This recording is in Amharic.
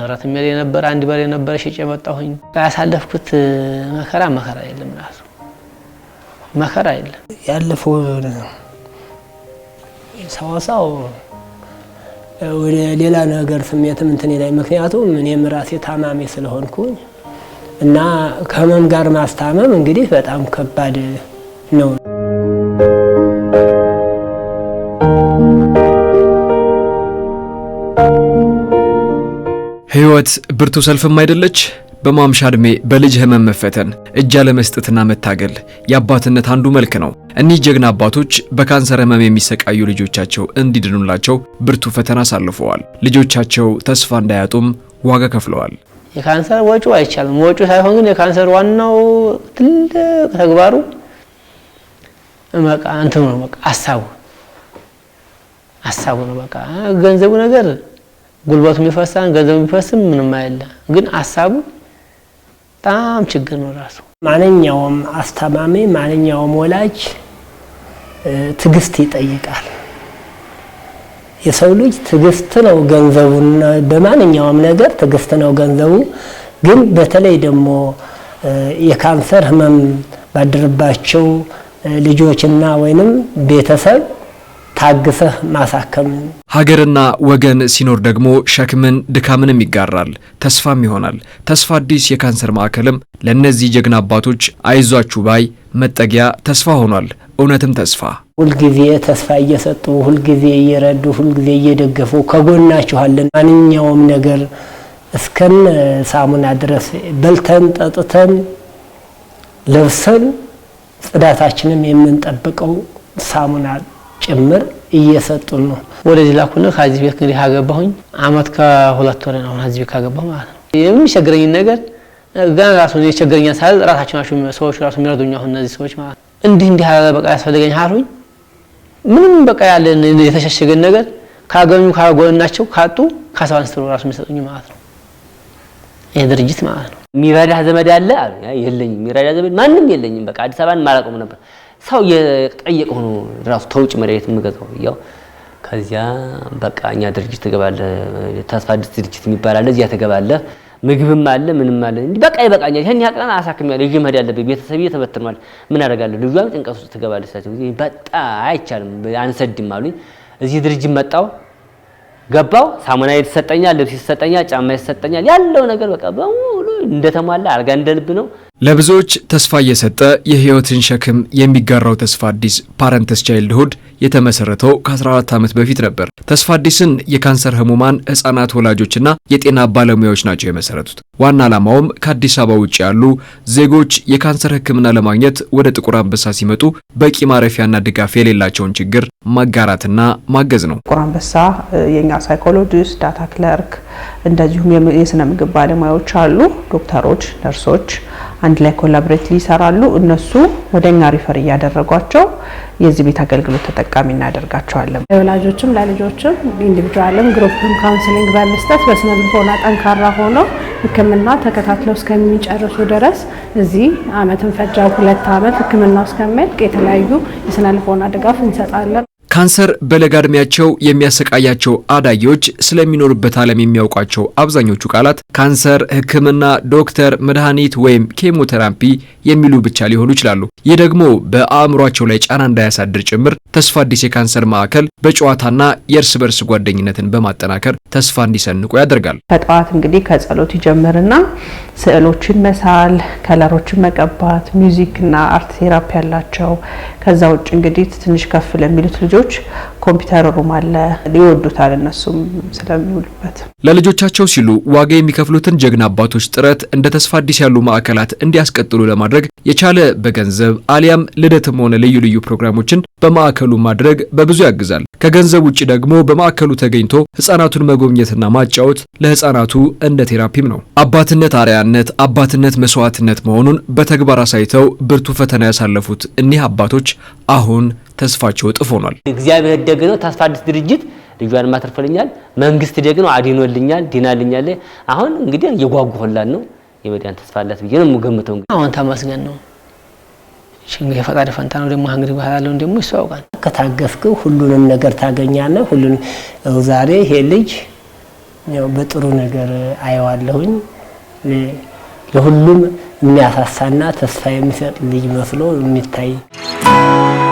ንብረት የሚል የነበረ አንድ በሬ የነበረ ሽጭ የመጣሁኝ ያሳለፍኩት መከራ መከራ የለም ራሱ መከራ የለም። ያለፈው ሰዋሳው ወደ ሌላ ነገር ስሜትም እንትን ላይ ምክንያቱም እኔም ራሴ ታማሚ ስለሆንኩኝ እና ከህመም ጋር ማስታመም እንግዲህ በጣም ከባድ ነው። thank you ህይወት ብርቱ ሰልፍም አይደለች? በማምሻ ዕድሜ በልጅ ህመም መፈተን፣ እጅ አለመስጠትና መታገል የአባትነት አንዱ መልክ ነው። እኒህ ጀግና አባቶች በካንሰር ህመም የሚሰቃዩ ልጆቻቸው እንዲድኑላቸው ብርቱ ፈተና አሳልፈዋል። ልጆቻቸው ተስፋ እንዳያጡም ዋጋ ከፍለዋል። የካንሰር ወጪው አይቻልም። ወጪው ሳይሆን ግን የካንሰር ዋናው ትልቅ ተግባሩ እንትኑ ነው። በቃ አሳቡ አሳቡ ነው። በቃ ገንዘቡ ነገር ጉልበቱ የሚፈሳን ገንዘቡ የሚፈስም ምንም አይለ፣ ግን ሀሳቡ በጣም ችግር ነው ራሱ። ማንኛውም አስተማሚ ማንኛውም ወላጅ ትዕግስት ይጠይቃል። የሰው ልጅ ትግስት ነው ገንዘቡ። በማንኛውም ነገር ትዕግስት ነው ገንዘቡ። ግን በተለይ ደግሞ የካንሰር ህመም ባደረባቸው ልጆችና ወይንም ቤተሰብ ታግሰህ ማሳከም። ሀገርና ወገን ሲኖር ደግሞ ሸክምን ድካምንም ይጋራል፣ ተስፋም ይሆናል። ተስፋ አዲስ የካንሰር ማዕከልም ለእነዚህ ጀግና አባቶች አይዟችሁ ባይ መጠጊያ ተስፋ ሆኗል። እውነትም ተስፋ ሁልጊዜ ተስፋ እየሰጡ ሁልጊዜ እየረዱ ሁልጊዜ እየደገፉ ከጎናችኋለን። ማንኛውም ነገር እስከን ሳሙና ድረስ በልተን ጠጥተን ለብሰን ጽዳታችንም የምንጠብቀው ሳሙና ጭምር እየሰጡን ነው። ወደዚህ ላኩና ከዚህ ቤት እንግዲህ ካገባሁኝ አመት ከሁለት ወር ነው ከዚህ ቤት ካገባሁ ማለት ነው። የሚቸግረኝን ነገር ገና ራሱ የቸገረኛ ሳል ራሳቸው ናቸው ሰዎች ራሱ የሚረዱኝ አሁን እነዚህ ሰዎች ማለት ነው። እንዲህ እንዲህ አለ በቃ ያስፈልገኝ አሉኝ። ምንም በቃ ያለ የተሸሸገን ነገር ካገኙ ካጎንናቸው ካጡ ከሰው አንስተው ራሱ የሚሰጡኝ ማለት ነው። ይህ ድርጅት ማለት ነው። የሚረዳህ ዘመድ አለ አሉ። የለኝም። የሚረዳህ ዘመድ ማንም የለኝም። በቃ አዲስ አበባን ማላውቀውም ነበር ሰው የጠየቀው ሆኖ ራሱ ተውጭ መድኃኒት የምገዛው ያው ከዚያ በቃ እኛ ድርጅት ትገባለህ፣ ተስፋ አዲስ ድርጅት የሚባል አለ። እዚያ ትገባለህ፣ ምግብም አለ ምንም አለ። እንዲህ በቃ ይበቃኛል፣ ይህን ያቅላል፣ አሳክሜያለሁ፣ ይዤ መሄድ ያለብኝ ቤተሰብ ተበትኗል፣ ምን አደርጋለሁ? ልጇም ጭንቀት ውስጥ ትገባለች። ሳቸው ጊዜ በጣ አይቻልም፣ አንሰድም አሉኝ። እዚህ ድርጅት መጣው ገባው። ሳሙና ይሰጠኛል፣ ልብስ ይሰጠኛል፣ ጫማ ይሰጠኛል፣ ያለው ነገር በቃ በሙሉ እንደተሟላ አልጋ እንደልብ ነው። ለብዙዎች ተስፋ እየሰጠ የህይወትን ሸክም የሚጋራው ተስፋ አዲስ ፓረንተስ ቻይልድ ሁድ የተመሰረተው ከ14 ዓመት በፊት ነበር። ተስፋ አዲስን የካንሰር ህሙማን ህጻናት ወላጆችና የጤና ባለሙያዎች ናቸው የመሰረቱት። ዋና ዓላማውም ከአዲስ አበባ ውጭ ያሉ ዜጎች የካንሰር ሕክምና ለማግኘት ወደ ጥቁር አንበሳ ሲመጡ በቂ ማረፊያና ድጋፍ የሌላቸውን ችግር ማጋራትና ማገዝ ነው። ጥቁር አንበሳ የኛ ሳይኮሎጂስት፣ ዳታ ክለርክ እንደዚሁም የስነ ምግብ ባለሙያዎች አሉ። ዶክተሮች፣ ነርሶች አንድ ላይ ኮላብሬት ሊሰራሉ። እነሱ ወደኛ ሪፈር እያደረጓቸው የዚህ ቤት አገልግሎት ተጠቃሚ እናደርጋቸዋለን። ለወላጆችም ለልጆችም ኢንዲቪድዋልም ግሩፕም ካውንስሊንግ በመስጠት በስነ ልቦና ጠንካራ ሆኖ ሕክምና ተከታትለው እስከሚጨርሱ ድረስ እዚህ አመትን ፈጃ ሁለት አመት ሕክምና እስከሚያልቅ የተለያዩ የስነ ልቦና ድጋፍ እንሰጣለን። ካንሰር በለጋ እድሜያቸው የሚያሰቃያቸው አዳጊዎች ስለሚኖሩበት ዓለም የሚያውቋቸው አብዛኞቹ ቃላት ካንሰር፣ ሕክምና፣ ዶክተር፣ መድኃኒት ወይም ኬሞቴራፒ የሚሉ ብቻ ሊሆኑ ይችላሉ። ይህ ደግሞ በአእምሯቸው ላይ ጫና እንዳያሳድር ጭምር ተስፋ አዲስ የካንሰር ማዕከል በጨዋታና የእርስ በርስ ጓደኝነትን በማጠናከር ተስፋ እንዲሰንቁ ያደርጋል። ከጠዋት እንግዲህ ከጸሎት ይጀምርና ስዕሎችን መሳል፣ ከለሮችን መቀባት፣ ሚውዚክና አርት ቴራፒ ያላቸው ከዛ ውጭ እንግዲህ ትንሽ ከፍ ለሚሉት ልጆች ኮምፒውተር ሩም አለ። ይወዱታል እነሱም ስለሚውሉበት። ለልጆቻቸው ሲሉ ዋጋ የሚከፍሉትን ጀግና አባቶች ጥረት እንደ ተስፋ አዲስ ያሉ ማዕከላት እንዲያስቀጥሉ ለማድረግ የቻለ በገንዘብ አሊያም ልደትም ሆነ ልዩ ልዩ ፕሮግራሞችን በማዕከሉ ማድረግ በብዙ ያግዛል። ከገንዘብ ውጭ ደግሞ በማዕከሉ ተገኝቶ ህጻናቱን መጎብኘትና ማጫወት ለህጻናቱ እንደ ቴራፒም ነው። አባትነት አርያነት፣ አባትነት መስዋዕትነት መሆኑን በተግባር አሳይተው ብርቱ ፈተና ያሳለፉት እኒህ አባቶች አሁን ተስፋቸው እጥፍ ሆኗል። እግዚአብሔር ደግ ነው። ተስፋ አዲስ ድርጅት ልጇን ማትርፈልኛል። መንግስት ደግ ነው፣ አዲኖልኛል፣ ዲናልኛል። አሁን እንግዲህ እየጓጓሁላት ነው። የመዳን ተስፋ አላት ብዬ ነው የምገምተው። አሁን ተመስገን ነው። እንግዲህ ፈጣሪ ፈንታ ነው። ደግሞ እንግዲህ ባህል ያለውን ደግሞ እሱ ከታገፍክ ሁሉንም ነገር ታገኛለህ። ሁሉን ዛሬ ይሄ ልጅ ያው በጥሩ ነገር አየዋለሁኝ ለሁሉም የሚያሳሳና ተስፋ የሚሰጥ ልጅ መስሎ የሚታይ